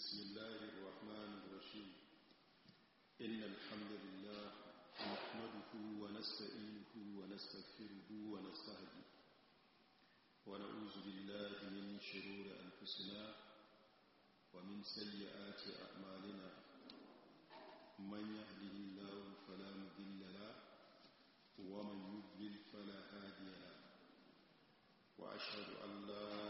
بسم الله الرحمن الرحيم إن الحمد لله نحمده ونستئله ونستغفره ونستهديه ونعوذ بالله من شرور أنفسنا ومن سيئات أعمالنا من يهده الله فلا مضل له ومن يضلل فلا هادي له وأشهد أن لا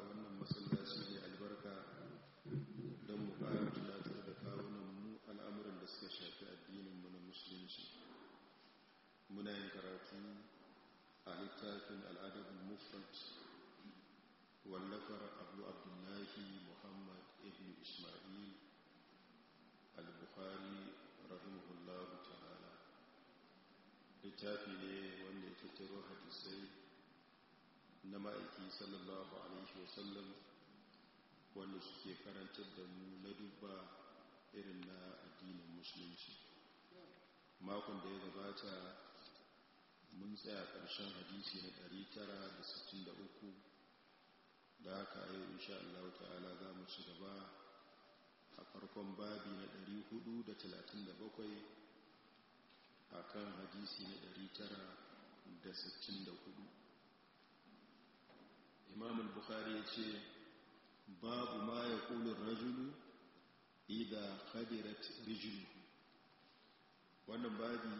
cikin mu na musulunci muna yin karatu a littafin al'adabin mufrat wallafar abu abdullahi muhammad ibn ismail al-bukhari rahimahullahu ta'ala littafi ne wanda ya tattaro hadisai na ma'aiki sallallahu alaihi wasallam wanda suke karantar da mu na dubba irin na addinin musulunci makon da ya gabata mun tsaya ƙarshen hadisi na 963 da haka yau insha Allah ta'ala za mu ci gaba a farkon babi na 437 a kan hadisi na 964 imamul bukari bukhari ya ce babu ma ya rajulu idha kadirat rijluhu wannan babi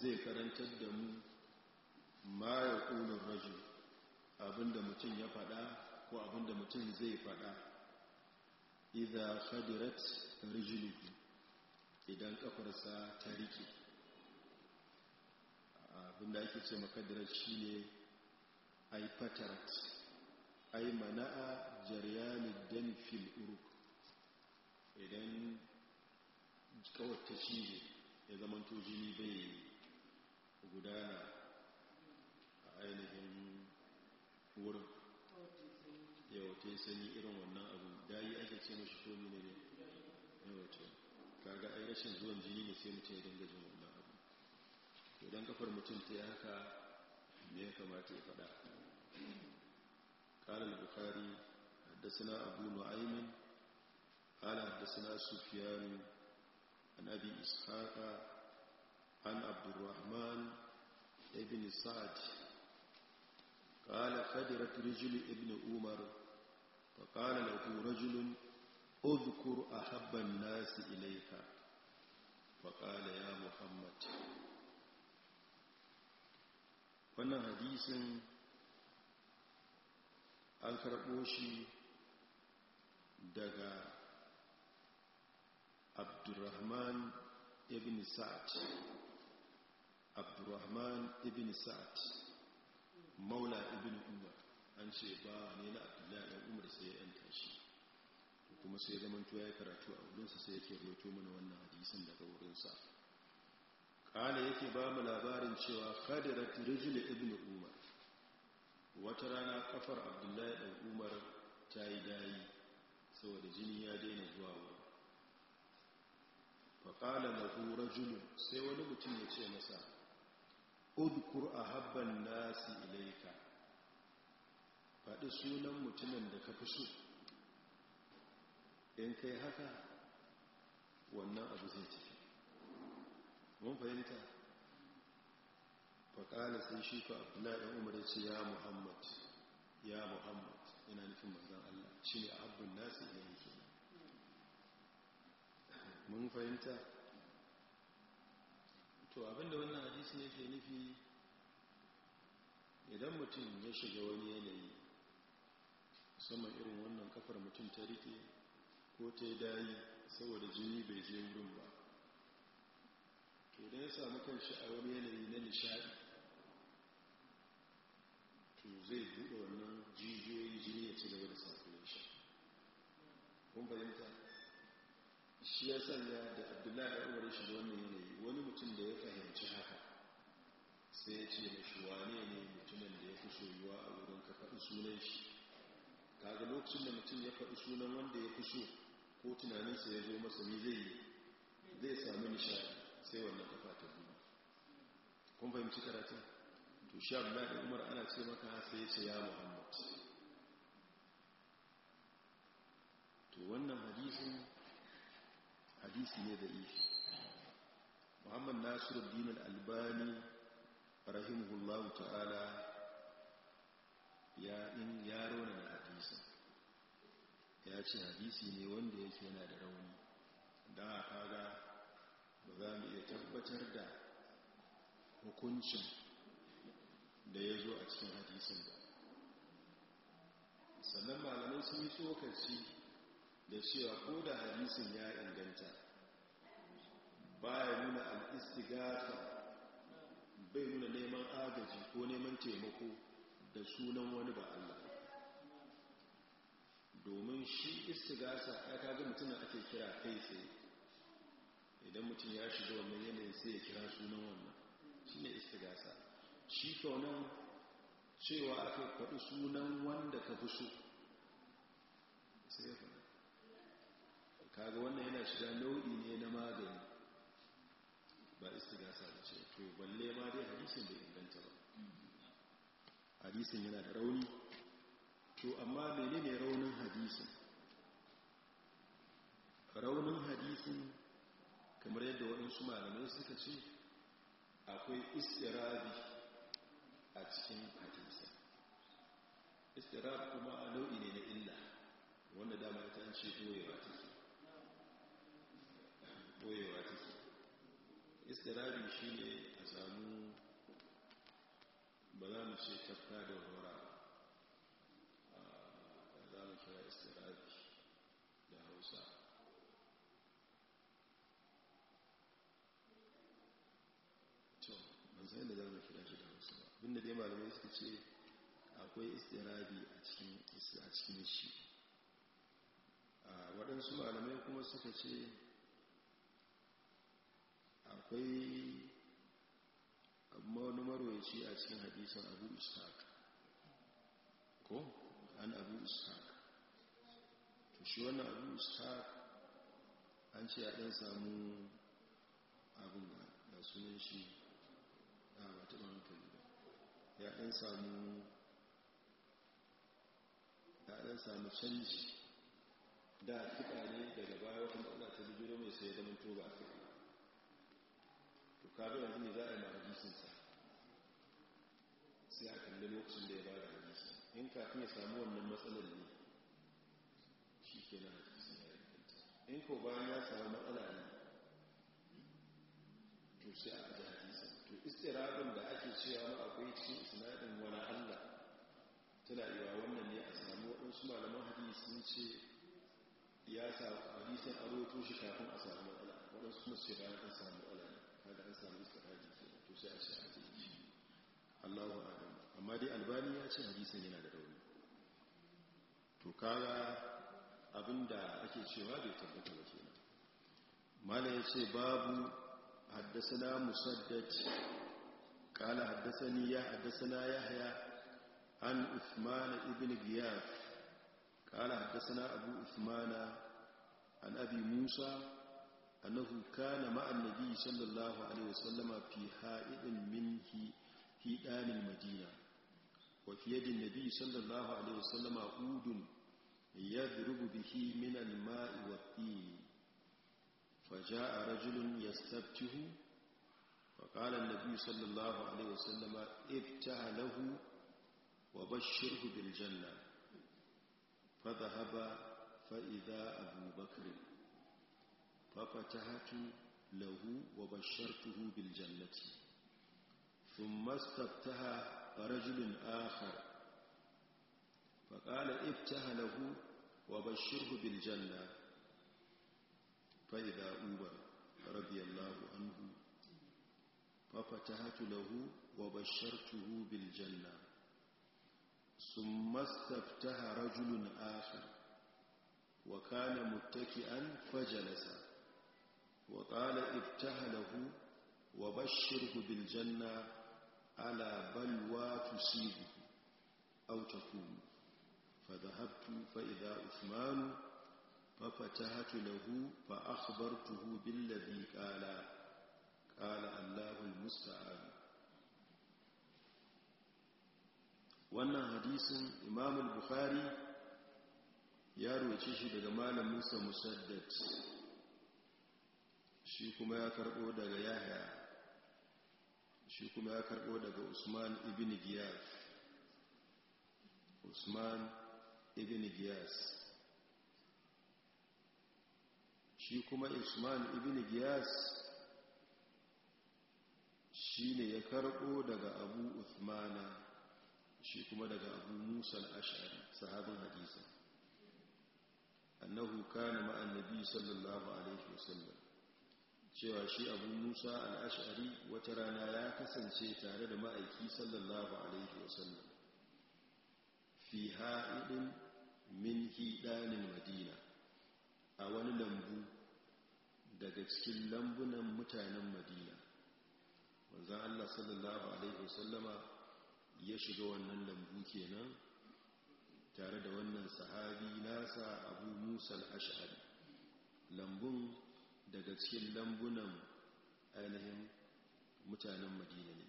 zai karantar da mu ma ya kunar rajul abinda mutum ya fada ko abinda mutum zai fada idha kadirat rijluhu idan kafarsa ta rike abinda ake ce makadirat shine ai fatarat ai mana'a jaryanid dan fil uruq idan kawai ta ya zamanto jini bai gudana a ainihin wurin yawata sanyi irin wannan abu dayi ake ce mashi komi ne ne yawata kaga ai rashin zuwan jini ne sai mutum ya dinga jin wannan abu idan kafar mutum ta yi haka ne ya kamata ya faɗa bukari البخاري حدثنا abu ma'aimin قال حدثنا سفيان عن أبي إسحاق عن عبد الرحمن ابن سعد قال فدرت رجل ابن عمر فقال له رجل اذكر أحب الناس إليك فقال يا محمد wannan hadisin an karɓo shi daga abdurrahman ibn sa'ad abdurrahman ibn sa'ad maula ibn umar an ce ba ne na abdullahi ibn umar sai ya yanta shi kuma sai zaman to yayi karatu a sa sai yake roto mana wannan hadisin daga wurin sa. kana yake ba mu labarin cewa kadirat rijl ibn umar wata rana kafar abdullahi ibn umar ta yi dayi saboda jini ya daina zuwa wurin faƙala lahu rajulun sai wani mutum ya ce masa udkur a habban nasi ilaika faɗi sunan mutumin da ka fi so in kai haka wannan abu zai tafi mun fahimta faƙala sai shi fa abdullahi umar ya ce ya muhammad ya muhammad yana nufin manzan allah shi ne a habbin nasi ilaika mun fahimta to abinda wannan hadisin yake nufi idan mutum ya shiga wani yanayi musamman irin wannan kafar mutum ta rike ko ta yi dayi saboda jini bai je wurin ba to idan ya samu kanshi a wani yanayi na nishadi to zai buɗe wannan jijiyoyi jini ya ci gaba da safiya shi kun fahimta shi ya sanya da abdullahi umar shi shiga wannan yanayi wani mutum da ya fahimci haka sai ya ce da shuwa ne mutumin da ya fi soyuwa a wurin ka faɗi sunan shi kaga lokacin da mutum ya faɗi sunan wanda ya fi so ko tunaninsa ya zo masa ni zai yi zai sami nishaɗi sai wannan kafa ta biyu kun fahimci karatun to sha da umar ana ce maka sai ya ce ya muhammad hadisi ne da ifi muhammad nasiru al-albani rahimahullahu ta'ala ya in yaro na hadisin ya ce hadisi ne wanda yake yana da rauni don a kaga ba za mu iya tabbatar da hukuncin da ya zo a cikin hadisin ba sannan malamai sun yi tsokaci da cewa ko da hadisin ya inganta baya nuna al'istigata bai nuna neman agaji ko neman taimako da sunan wani ba Allah domin shi istigata ya kaga mutum ake kira kai sai idan mutum ya shiga wannan yanayin sai ya kira sunan wannan shi ne istigata shi kaunan cewa aka faɗi sunan wanda ka fi so sai ya faɗa kaga wannan yana shiga nau'i ne na magani to balle ma dai hadisin bai inganta ba hadisin yana da rauni to amma menene raunin hadisin raunin hadisin kamar yadda waɗansu malamai suka ce akwai istirabi a cikin hadisin istirabi kuma a nau'i ne na illa wanda dama ta ce ɓoyewa take ɓoyewa take istirari shi ne a samu ba za mu ce tafka da wara a ah, za mu kira istirari da hausa to ban sai da za mu kira shi da hausa ba abinda dai malamai suka ce akwai istirari a cikin shi ah, waɗansu malamai kuma suka ce akwai amma wani marwaci a cikin hadisun abu ishaq ko an abu ishaq to shi wani abu ishaq an ce a ɗan samu abin da sunan shi a wata hankali ya ɗan samu ya ɗan samu canji da fiɗa ne daga baya wata matsala ta jirgin mai sai zama to ba a fiɗa kaga yanzu ne za a yi ma hadisinsa sai a kalli lokacin da ya ba da hadisi in kafin ya samu wannan matsalar ne shi ke na hadisi ya rikanta in ko bayan ya samu matsala ne to sai a ji hadisin to istirabin da ake cewa ma akwai cikin isnadin wani allah tana iya wannan ne a samu waɗansu malaman hadisi sun ce ya sa hadisin a roto shi kafin a samu matsala waɗansu kuma ce bayan an samu matsala kaga an samu istihadi ke to sai a ce Allahu a'lam amma dai albani ya ce hadisin yana da rauni to kaga abinda ake cewa bai tabbata ba kenan mala ya ce babu haddasa musaddad قال Haddasani يا Haddasana Yahya, an usman Ibn giyas قال Haddasana abu usmana an abi Musa. annahu kana ma'an nabi sallallahu alaihi wasallama min hidanin madina wa fi yadin nabi sallallahu alaihi wasallama udun yadrubu bihi min al-ma'i wa tin فجاء رجل يستبته فقال النبي صلى الله عليه وسلم افتح له وبشره بالجنة فذهب فإذا أبو بكر ففتحت له وبشرته بالجنة ثم استبتها رجل آخر فقال ابتها له وبشره بالجنة فإذا أوبر رضي الله عنه ففتحت له وبشرته بالجنة ثم استفتح رجل آخر وكان متكئا فجلس وقال ابتهله وبشره بالجنة على بلوى تصيبه أو تكون فذهبت فإذا عثمان ففتحت له فأخبرته بالذي قال قال الله المستعان wannan hadisin imamul bukhari ya roce shi daga malamin sa musaddad shi kuma ya karbo daga yahya shi kuma ya karbo daga usman ibn giyas usman ibn giyas shi kuma usman ibn giyas shi ne ya karbo daga abu uthmana shi kuma daga abu musa ashari sahabin hadisa annahu kana ma'an nabi sallallahu alaihi wasallam cewa shi abu musa al'ashari wata rana ya kasance tare da ma'aiki sallallahu alaihi wasallam fi ha'idin min hidanin madina a wani lambu daga cikin lambunan mutanen madina wanzan allah sallallahu alaihi wasallama ya shiga wannan lambu kenan tare da wannan sahabi nasa abu musa al'ashari lambun daga cikin lambunan ainihin mutanen madina ne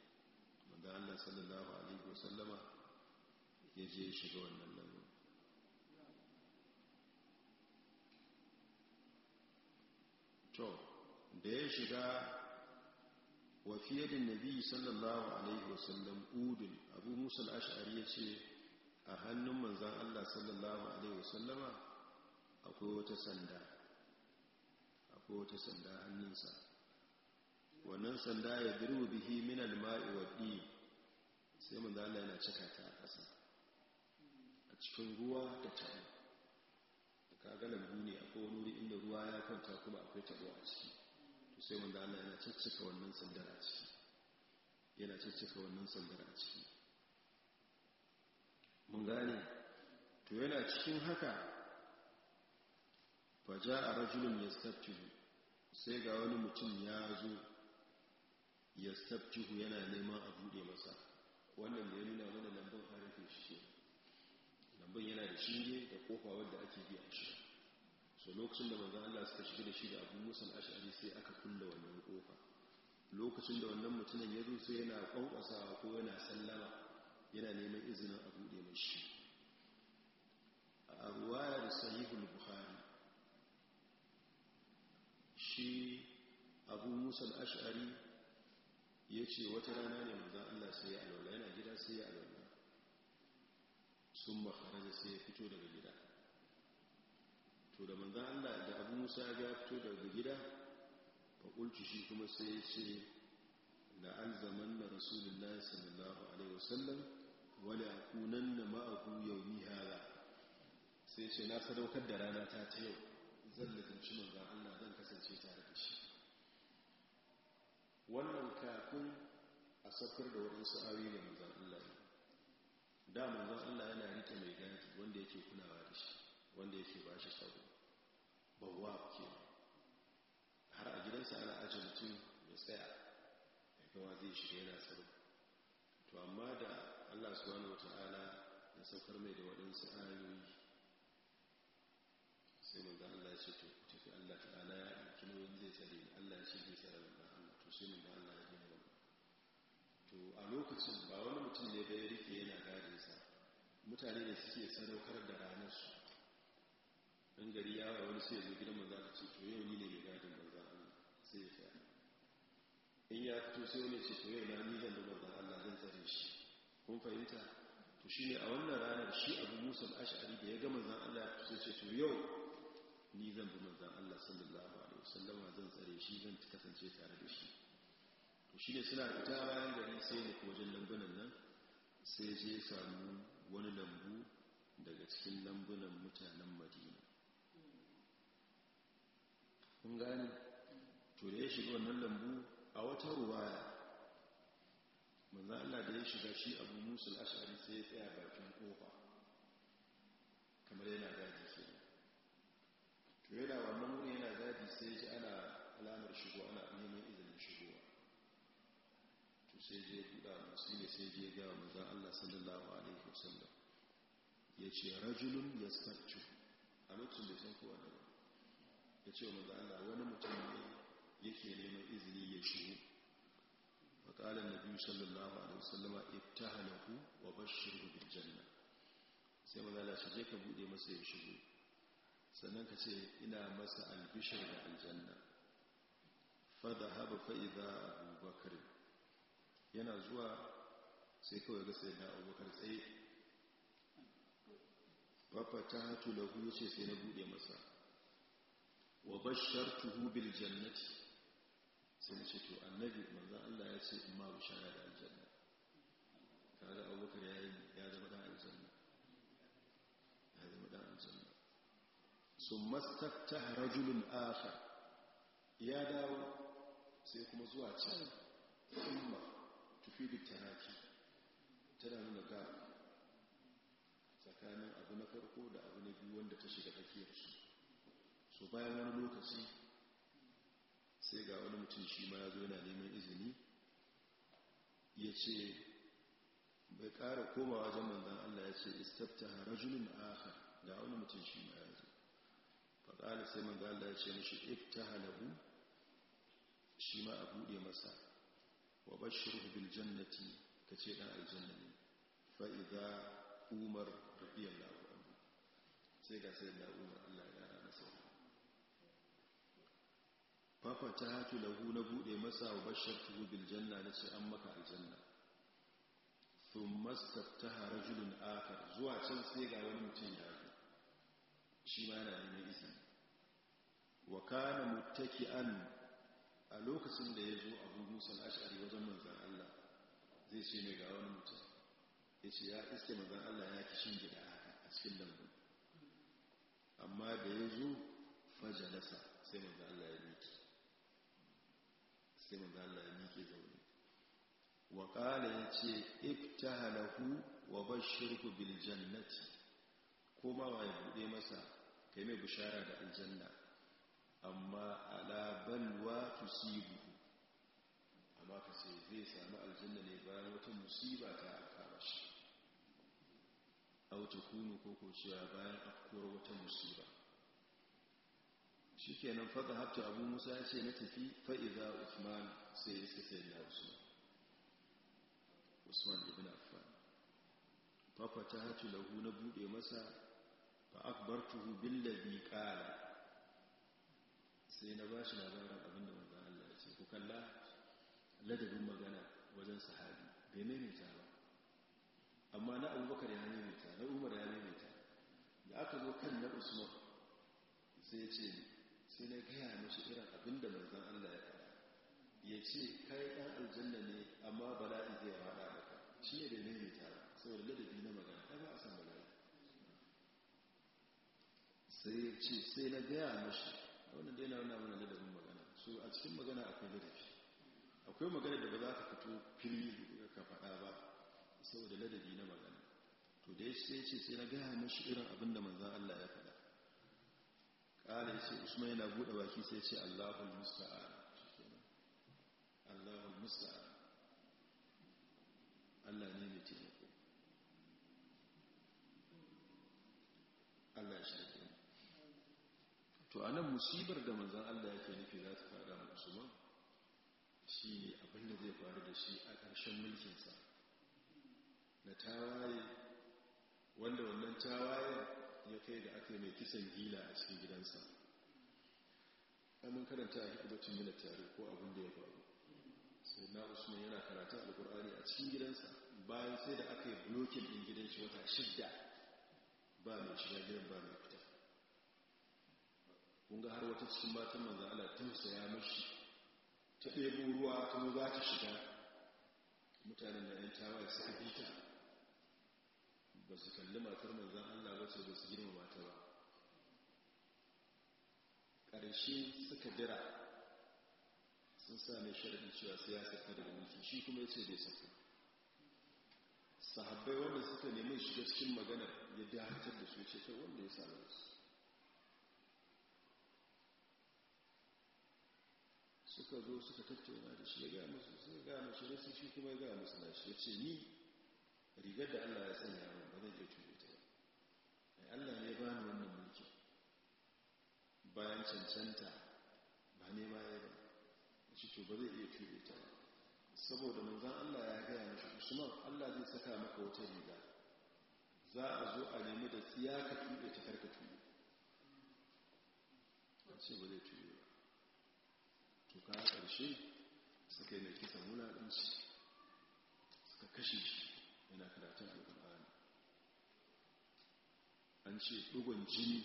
wanda allah sallallahu alaihi wasallama ya je shiga wannan lambun to da ya shiga wa fiye da nabi sallallahu alaihi wasallam udul abu musa ashari ya ce a hannun manzan allah sallallahu alaihi wasallama akwai wata sanda ko ta sanda hannunsa wannan sanda ya birwu bihi min alma'i wa ɗi sai mun Allah yana cika ta a ƙasa a cikin ruwa da taɓo ka ga lambu ne akwai wani wuri inda ruwa ya kwanta kuma akwai taɓo a ciki to sai mun Allah yana ciccika wannan sandar a ciki yana ciccika wannan sandar a ciki mun gane to yana cikin haka faja a rajulun ya sai ga wani mutum ya zo ya sabtihu yana neman a bude masa wannan da ya nuna mana lambun harafin shi lambun yana da shinge da kofa wadda ake biya shi so lokacin da manzan Allah suka shiga da shi da abu musan ashari sai aka kulla wannan kofa lokacin da wannan mutumin ya zo sai yana kwankwasawa ko yana sallama yana neman izinin a buɗe mashi a ruwayar sahihul buhari shi abu musa al'ashari ya ce wata rana ne maza allah sai ya alwala yana gida sai ya alwala sun da sai ya fito daga gida to da maza allah da abu musa ya fito daga gida faƙulci shi kuma sai ya ce da na rasulullah sallallahu alaihi wasallam wani akunan da ma'aku yau ni hara sai ce na sadaukar da rana ta ta yau zan da ci maza allah kasance tare da shi wannan kafin a safar da waɗansu sa'ari da manzan Allah ne da manzan Allah yana rike mai gadi wanda yake kunawa da shi wanda yake ba shi tsaro bawa ke har a gidansa ana ajiye mutum ya tsaya ya kawo zai shiga yana tsaro to amma da Allah subhanahu wata'ala ya saukar mai da waɗansu ayoyi sai manzan Allah ya ce to tsare Allah ya ce zai da Allah to Allah ya gina to a lokacin ba wani mutum ne da ya rike yana gadin sa mutane ne suke sadaukar da ranar su dan gari ya wa wani sai ya gidan manzo Allah ce to yau ni ne mai gadin manzo Allah sai ya fara. in ya fito sai wani ce to yau na ni zan da Allah zan tsare shi kun fahimta to shine a wannan ranar shi Abu Musa al-Ash'ari da ya ga manzo Allah sai ce to yau ni zan bi manzan Allah sallallahu alaihi wasallama zan tsare shi zan kasance tare da shi to shi ne suna fita bayan gari sai ne wajen lambunan nan sai je samu wani lambu daga cikin lambunan mutanen madina kun gane to da ya shiga wannan lambu a wata ruwaya manzan Allah da ya shiga shi abu musul ashari sai ya tsaya bakin kofa kamar yana daji to yana wannan wuri yana zafi sai ji ana alamar shigo ana neman izinin shigowa to sai je buɗa musu ne sai je ga manzan Allah sallallahu alaihi wasallam ya ce rajulun yastaccu a lokacin bai san kowa da ya ce manzan Allah wani mutum ne yake neman izini ya shigo faƙalar nabi sallallahu alaihi wasallama ibtahalahu wa bashir bil janna sai manzan Allah shi je ka buɗe masa ya shigo sannan ka ce ina masa albishir da aljanna fada haɓa fa'iza abubakar yana zuwa sai kawai ga sai na abubakar tsaye fafa ta hatu da ya ce sai na buɗe masa wa bashar tuhu bil jannati sai na ce to annabi manzan Allah ya ce in ma bishara da aljanna kaga abubakar ya yi sun mastafta rajulun akhar ya dawo sai kuma zuwa can umma tufi da taraki tana nuna gaba tsakanin abu na farko da abu na biyu wanda ta shiga tsakiyarsu so bayan wani lokaci sai ga wani mutum shi ma ya zo yana neman izini ya ce bai ƙara komawa zaman manzan Allah ya ce istafta harajulun akhar ga wani mutum shi ma ya zo ƙali sai manzo Allah ya ce mishi iftahalahu shi ma a bude masa wa bashirhu bil jannati kace dan aljanna ne fa idza umar radiyallahu anhu sai ga sai da umar Allah ya dara masa fafa ta hatu lahu na buɗe masa wa bashirhu bil janna nace an maka aljanna thumma istaftaha rajulun akhar zuwa can sai ga wani mutum ya zo shi ma yana neman izini wa kana muttaki'an a lokacin da ya zo abu musa al-Ash'ari wajen manzon Allah zai ce ne ga wani mutum ya ce ya iske manzon Allah ya kishin gida a cikin lambu amma da yazo fajalasa sai manzon Allah ya miki sai manzon Allah ya miki zaune wa kala ya ce iftahalahu wa bashirku bil jannati ko ba wa ya masa kai mai bishara da aljanna amma ala balwa tusibuhu amma ka sai zai sami aljanna ne bayan wata musiba ta afkara shi auta kunu ko ko cewa bayan akwai wata musiba shi kenan faka hafta abu musa ya ce na tafi fa'iza usman sai iska sai na usman usman ibn affan fafa ta hatu lahu na buɗe masa fa akbartuhu billabi ƙala sai na ba shi labarin abinda manzan Allah ya ce ku kalla ladabin magana wajen sahabi bai maimaita ba amma na abubakar ya maimaita na umar ya maimaita da aka zo kan na usman sai ce sai na gaya mashi irin abinda manzan Allah ya faɗa ya ce kai ɗan aljanna ne amma bala'i zai haɗa maka shi ne bai maimaita ba saboda ladabi na magana ta ba a san bala'i sai ya ce sai na gaya mashi wannan dai na wani mana ladabin magana so a cikin magana akwai ladabi akwai magana da ba za ka fito fili ka faɗa ba saboda ladabi na magana to da ya ce sai na gaya mashi irin abin da manzan Allah ya faɗa ƙara ya ce usman yana buɗe baki sai ce allahul musta'an allahul musta'an Allah ne to anan musibar da manzan Allah yake nufi za ta fara musulman shi ne abinda zai faru da shi a ƙarshen mulkinsa na tawaye wanda wannan waye ya kai da aka mai kisan gila a cikin gidansa amin karanta a hikubacin yana tare ko abin da ya faru sai na usman yana karata ƙurani a cikin gidansa bayan sai da aka yi blokin ɗin gidan shi wata shidda ba mai shiga gidan ba mai kun ga har wata cikin matan manzan Allah tausaya mashi ta ɗebo ruwa kuma za ta shiga mutanen da ‘yan tawaye suka bi ta ba su kalli matar manzan Allah ba ce ba su girma mata ba ƙarshe suka dira sun sa mai sharaɗin cewa sai ya daga mulki shi kuma ya ce bai saka sahabbai wanda suka neman shiga cikin maganar ya dakatar da su ce ta wanda ya sa su suka zo suka tattauna da shi ya gaya musu sun gaya musu da su shi kuma ya gaya musu na shi ya ce ni rigar da Allah ya sanya min ba zan iya tuɗe ta ai Allah ne ba ni wannan mulki bayan cancanta ba ne ba ya ba shi to ba zai iya tuɗe ta ba saboda manzan Allah ya gaya mashi usman Allah zai saka maka wata riga za a zo a nemi da tsiyaka ka tuɗe ta karka tuɗe ce ba zai tuɗe suka ƙarshe suka yi mai kisan wulaɗanci suka kashe shi yana karatun al'ul'ani an ce ɗugon jini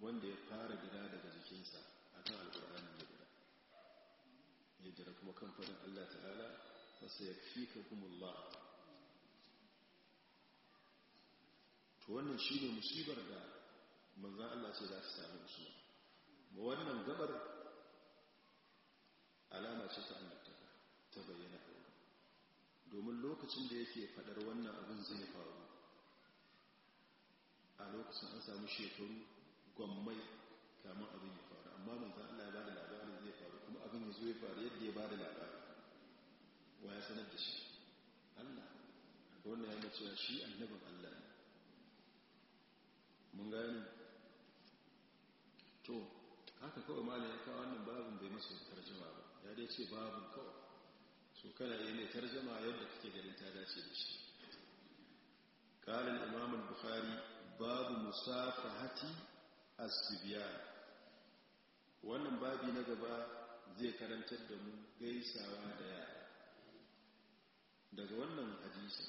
wanda ya fara gida daga jikinsa a kan al'ul'ani na gida ya jira kuma kan fadin allah ta'ala fasa ya fi kakumullah to wannan shi ne musibar da manzan allah ce za su sami ma wannan gabar alama ce ta annabta ta bayyana domin lokacin da yake fadar wannan abin zai faru a lokacin an samu shekaru gwammai kamar abin ya faru amma mai za'a ya da labarin zai faru kuma abin ya zo ya faru yadda ya ba da labarin wa ya sanar da shi Allah wannan ya mace shi annabin Allah ne mun gani to haka kawai mala ya kawo wannan babin bai masu tarjima ba ya dai ce babu kawai su kana yi ne tarjama yadda kake ganin ta dace da shi ƙalin imamun bukhari babu musafahati hati wannan babi na gaba zai karantar da mu gaisawa da yara daga wannan hadisi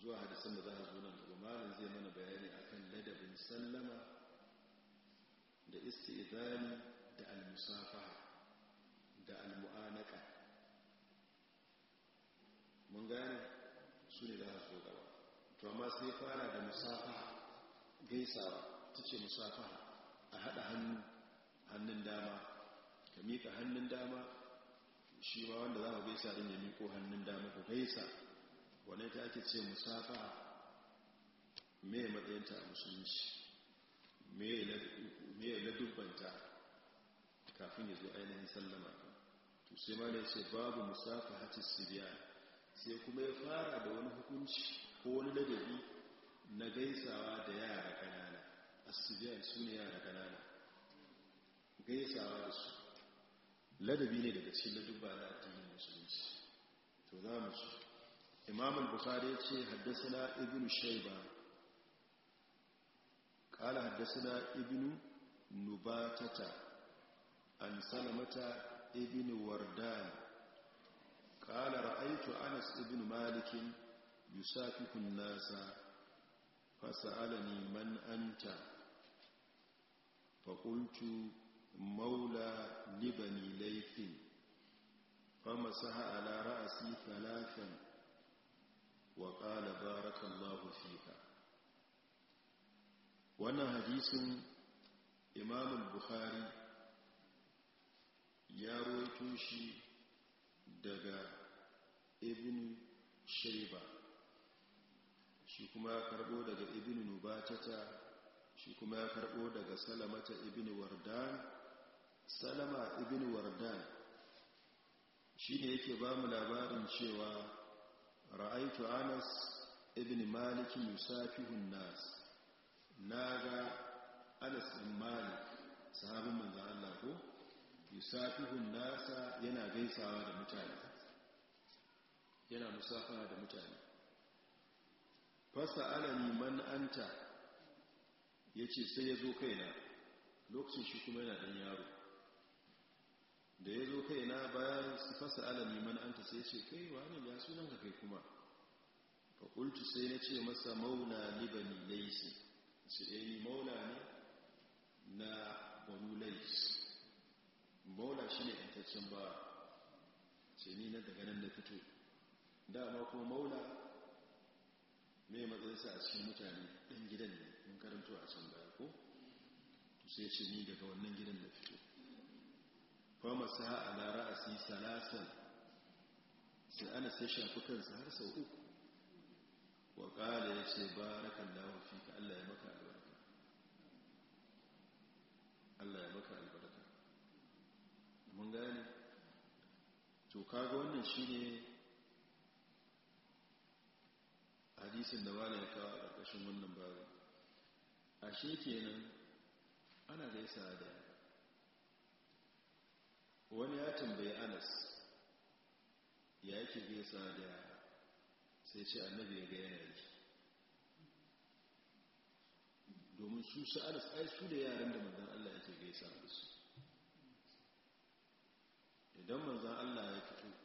zuwa hadisan da za a zo nan daga malin zai mana bayani akan ladabin sallama da isti'izani da almi ba sai fara da musafa gaisawa ta ce musafa a haɗa hannun hannun dama ka miƙa hannun dama shi ba wanda za mu gaisa ɗin ya miƙo hannun dama ku gaisa wane ta ake ce musafa mai matsayinta a musulunci mai ladubbanta kafin ya zo ainihin sallama to sai ma ne ce babu musafa hatis siriya sai kuma ya fara da wani hukunci ko wani ladabi na gaisawa da yara kanana asibiyar su ne yara kanana gaisawa da su ladabi ne daga cikin ladubba na addinin musulunci to za mu su imam al-bukhari ce haddasa Ibnu shayba kala haddasa Ibnu nubatata an salamata Ibnu wardan qala ra'aytu anas Ibnu Malikin. yusafikun nasa fasa'alani man anta fakultu maula libani laifin famasaha ala ra'asi falafin wa ƙala barakan mahufika wannan hadisun imamun buhari ya roƙo shi daga ibn shaibar shi kuma ya karbo daga ibn nubatata shi kuma ya karbo daga salamata ibn wardan salama ibn wardan shi ne yake ba mu labarin cewa ra'aitu anas ibn malik musafihun nas naga anas ibn malik sahabin manzo Allah ko yusafihun nasa yana gaisawa da mutane yana musafa da mutane fasa alani man anta ya ce sai ya zo kaina lokacin shi kuma yana dan yaro da ya zo kaina bayan su fasa alani man anta sai ce kai wani ya suna ka kai kuma fakultu sai na ce masa mauna libani laisi eh, su ɗaya mauna ne na banu laisi Mauna shi ne yantaccen ba ce ni na daga nan da fito dama kuma Mauna. mai matsayinsa a cikin mutane ɗan gidan ne in karanto a can baya ko sai ce ni daga wannan gidan da fito fama sa ala lara salasan sai ana sai shafi kansa har sau uku wa ƙala ya ce barakan lawan fi ka allah ya maka albarka allah ya maka albarka mun gane to kaga wannan shi hadisin da wani ya kawo a ƙarƙashin wannan babu a kenan ana gaisa da wani ya tambayi anas ya yake sa da sai ce annabi ya ga yanayi domin su su anas ai su da yaran da manzan Allah yake gaisa da su idan manzan Allah ya fito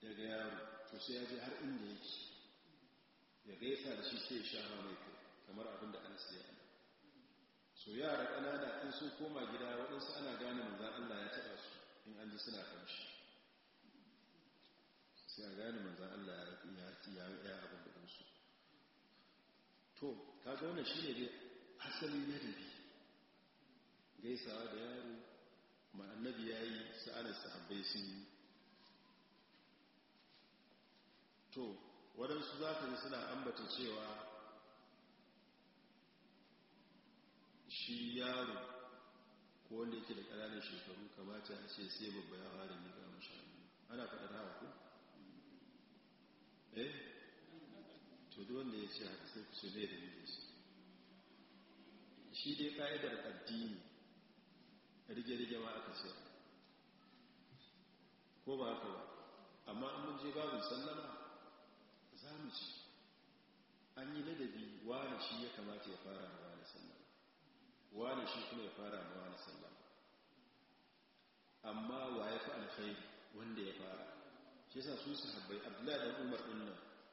daga yaro to sai ya je har inda yake ya yasa da shi sai ya sha mai kai kamar abin da anas ya yi so yara ƙanana in sun koma gida waɗansu ana gane manzan allah ya taɓa su in an ji suna kamshi sai a gane manzan allah ya ya abin da ɗansu to ka zaune shi ne dai asali na dabi gaisawa da yaro ma annabi ya yi sa'adar sahabbai sun yi to waɗansu za ka suna ambata cewa shi yaro ko wanda yake da ƙananan shekaru kamata a ce sai babba ya fara miƙa mashi hannu ana faɗar hawa ko? eh? to duk wanda ya ce haka sai ku ne da mijin su shi dai ƙa'idar addini rige-rige ma aka ce ko ba haka ba amma an mun je babu sallama za an yi ladabi wane shi ya kamata ya fara da wane sallama wane shi kuma ya fara da wane sallama amma wa ya fi alkhairi wanda ya fara shi yasa su sahabbai abdullahi da umar ɗin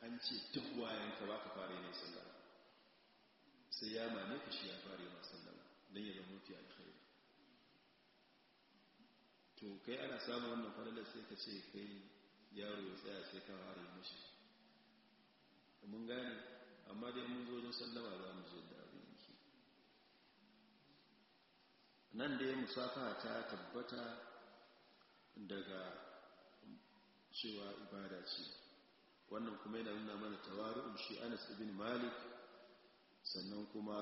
an ce duk wayan ka baka fara yin sallah sai ya mame ka shi ya fara yin sallah don ya zama fi alkhairi to kai ana samun wannan falalar sai ka ce kai yaro ya tsaya sai ka fara yi mishi mun gane amma dai mun zo wajen sallama za mu zo da abin yake nan dai musafa ta tabbata daga cewa ibada ce wannan kuma yana nuna mana tawaru'un shi anas ibn malik sannan kuma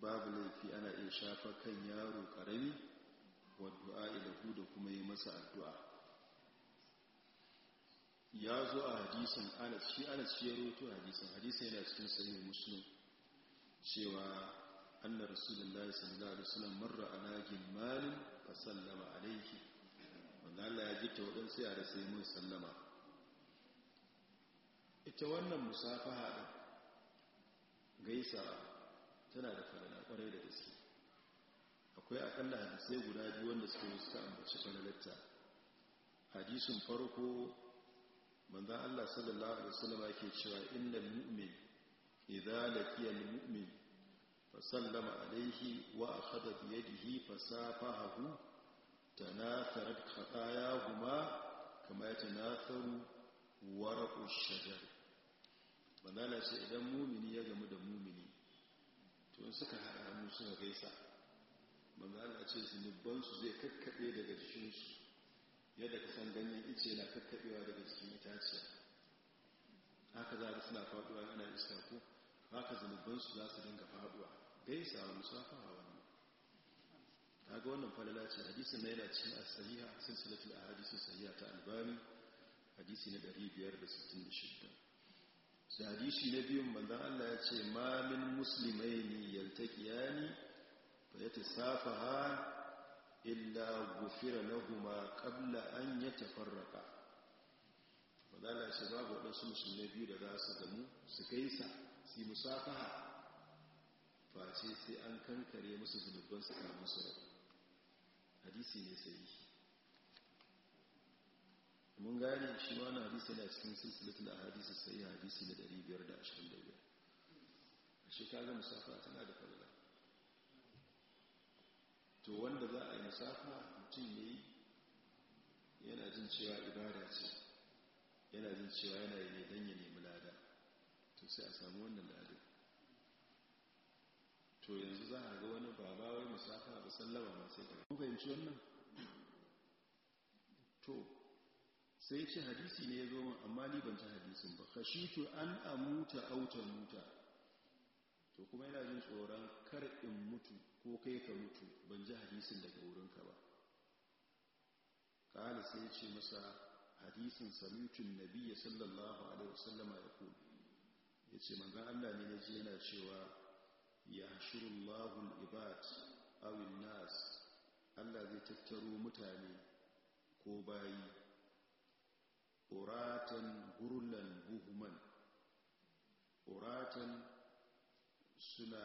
babu laifi ana iya shafa kan yaro karami wadda a'ilahu da kuma yi masa addu'a ya zo a hadisun anas shi anas shi ya roto hadisun hadisun yana cikin sahihin musulun cewa anna rasulullahi sallallahu da wasallam marra ala malin a sallama laiki wanda Allah ya gita waɗansu sai a da sai mun sallama ita wannan musafaha din gaisa tana da falala kwarai da gaske akwai akalla hadisai guda biyu wanda suke suka ambaci falalarta hadisun farko manzan Allah sallallahu alaihi wasallam cewa innal mu'min idza laqiya al mu'min fa sallama alaihi wa akhadha bi yadihi fasafahu tanatharat khatayahuma kama yatanatharu waraqu ash-shajar manzan Allah sai idan mu'mini ya gamu da mu'mini to suka haɗa hannu suka gaisa manzan Allah ce su zai kakkabe daga jikinsu yadda ka san ganyen ice na kakkaɓewa daga cikin itaciya haka za ka suna faɗuwa yana iska ko haka zunubansu za su dinga faɗuwa sa wani safa a wani kaga wannan falala ce hadisin na yana cikin asahiya a hadisin sahiha ta albani hadisi na 566 da hadisi na biyun manzan Allah ya ce ne min ya ta safa ha illa gufira lahuma qabla an yatafarraqa wadala shi babu wadansu musulmai biyu da za su gamu su kai sa, su musafaha face sai an kankare musu zunuban su kama su rabu hadisi ne sai mun gane shi wani hadisi na cikin silsilatul ahadisi sai hadisi na 525 shi kaga musafaha tana da falala to wanda za a yi musafa mutum ya yi yana jin cewa ibada ce yana jin cewa yana yi don yi nemi lada to sai a samu wannan lada to yanzu za a ga wani baba musafa ba sallama masu yi ka fahimci wannan to sai ce hadisi ne ya zo amma ni ban ta hadisin ba to an amuta auta muta to kuma yana jin tsoron kar in mutu ko kai ka mutu ban ji hadisin daga wurinka ba kala sai ya ce masa hadisin salutun nabiya sallallahu alaihi wasallama ya ku ya ce manzan allah ne ya ji yana cewa ya shirin lahul ibad awin nas allah zai tattaro mutane ko bayi uratan gurlan buhuman uratan suna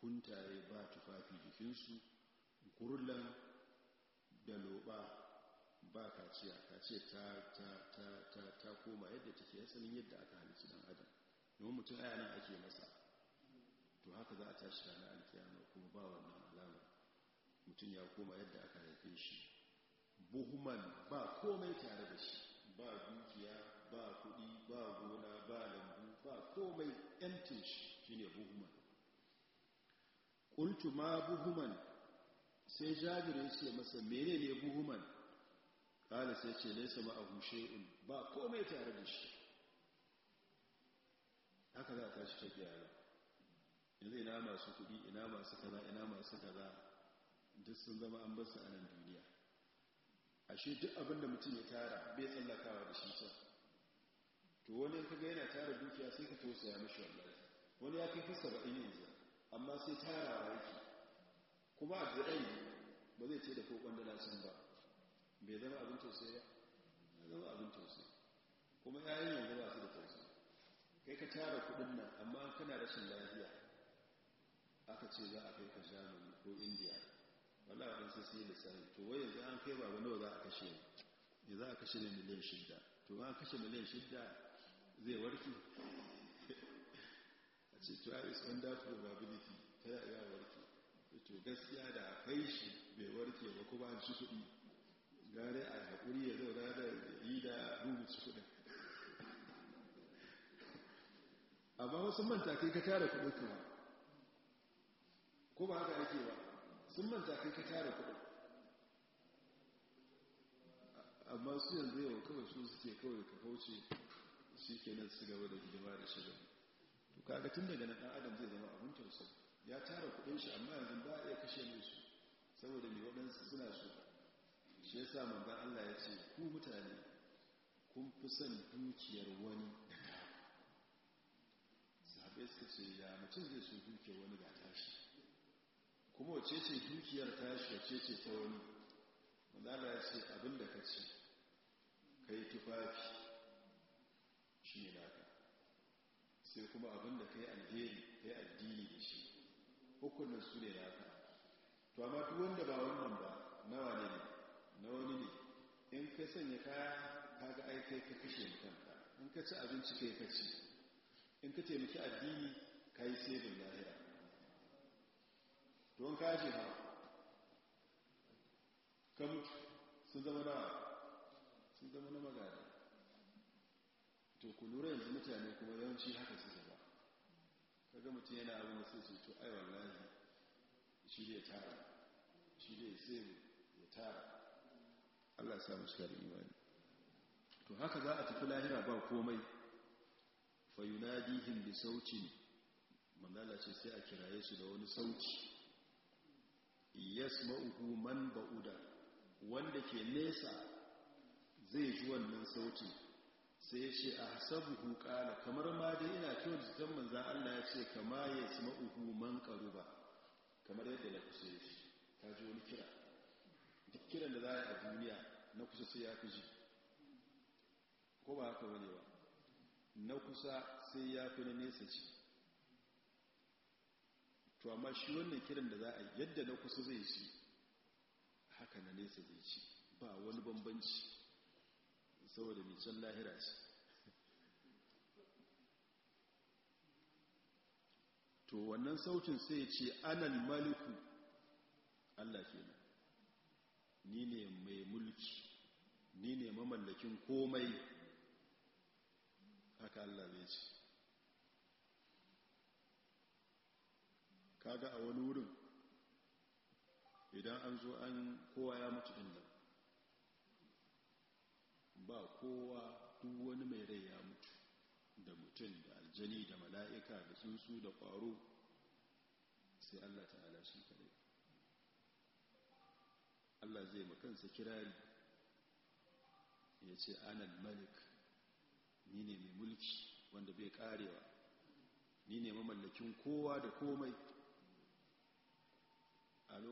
huntaye ba tufafi jikinsu gurlan da loba ba kaciya kaciya ta, ta, ta, ta, ta koma yadda take yasanin yadda aka halittu dan adam domin mutum nan ake masa to haka za a tashi ranar alkiyama kuma ba wannan alama mutum ya koma yadda aka haife shi buhuman ba komai tare da shi ƙultu ma buhuman sai jabir ya ce masa mene ne buhuman ƙala sai ce laisa ma abu in ba komai tare da shi haka za a tashi ta gyara yanzu ina masu kuɗi ina masu kaza ina masu kaza duk sun zama an basu a nan duniya ashe duk abinda mutum ya tara bai tsallakawa da shi can to wani kaga yana tara dukiya sai ka tausaya mashi wallahi wani ya kai fi saba'in yanzu amma sai tara yake kuma a jirai ba zai ce da ko da lasin ba bai zama abin tausayi ba ya zama abin tausayi kuma ya yi yanzu ba su da tausayi kai ka tara kudin nan amma kana rashin lafiya aka ce za a kai ka jamani ko indiya wala abin sai sai lissani to wai yanzu an kai ba wani za a kashe ne ya za a kashe ne miliyan shidda to a kashe miliyan shidda zai warke ce to a is on that probability ta ya iya warke to gaskiya da kai shi bai warke ba kuma an shi kudi gare a haƙuri ya zaura da yi da rubuci kuɗin amma wasu manta kai ka tara kuɗin kuma ko ba haka yake ba sun manta kai ka tara kudin amma su yanzu yau kawai su suke kawai ka kauce shi kenan su gaba da hidima da shirin to kaga tun daga nan adam zai zama abin tausayi ya tara kudin shi amma yanzu ba a iya kashe mai su saboda mai waɗansu suna so shi ya sa manzan Allah ya ce ku mutane kun fi son dukiyar wani da ka suka ce ya mutum zai so dukiyar wani da tashi kuma wace ce dukiyar tashi wace ce ta wani manzan Allah ya ce abin da ka ce tufafi shi ne na sai kuma abin da ka yi alheri ka yi addini da shi hukunan su ne naka to amma duk wanda ba wannan ba nawa ne ne na wani ne in ka sanya kaya ka ga aikai ka kashe kanka in ka ci abinci kai ka ci in ka taimaki addini ka yi sai lahira don ka ce ha ka mutu sun zama na sun zama na magana to ku lura yanzu mutane kuma yawanci haka suka ba kaga mutum yana abin da sai su to ai wallahi shi zai tara shi zai sai ya tara Allah sa mu da imani to haka za a tafi lahira ba komai fa yunadihim bi sautin manzala ce sai a kiraye su da wani sauti yasma'uhu man ba'uda wanda ke nesa zai ji wannan sautin sai ya ce a sabu hukala kamar ma dai ina kyau jikin manzan Allah ya ce kama ya sima uhu man karu ba kamar yadda na kusa ya ce ta ji wani kira duk kiran da za a yi a duniya na kusa sai ya fi ji ko ba haka wani ba na kusa sai ya fi na nesa ci to amma shi wannan kiran da za a yadda na kusa zai ci haka na nesa zai ci ba wani bambanci saboda mai can lahira ce to wannan sautin sai ce anan maliku Allah kenan ni ne mai mulki ni ne mamallakin komai haka Allah zai ce kaga a wani wurin idan an zo an kowa ya mutu inda ba kowa duk wani mai rai ya mutu da mutum da aljani da mala'ika da tsuntsu da ƙwaro sai Allah ta'ala shi kadai Allah zai makansa kirari ya ce anan malik ni ne mai mulki wanda bai karewa ni ne mamallakin kowa da komai a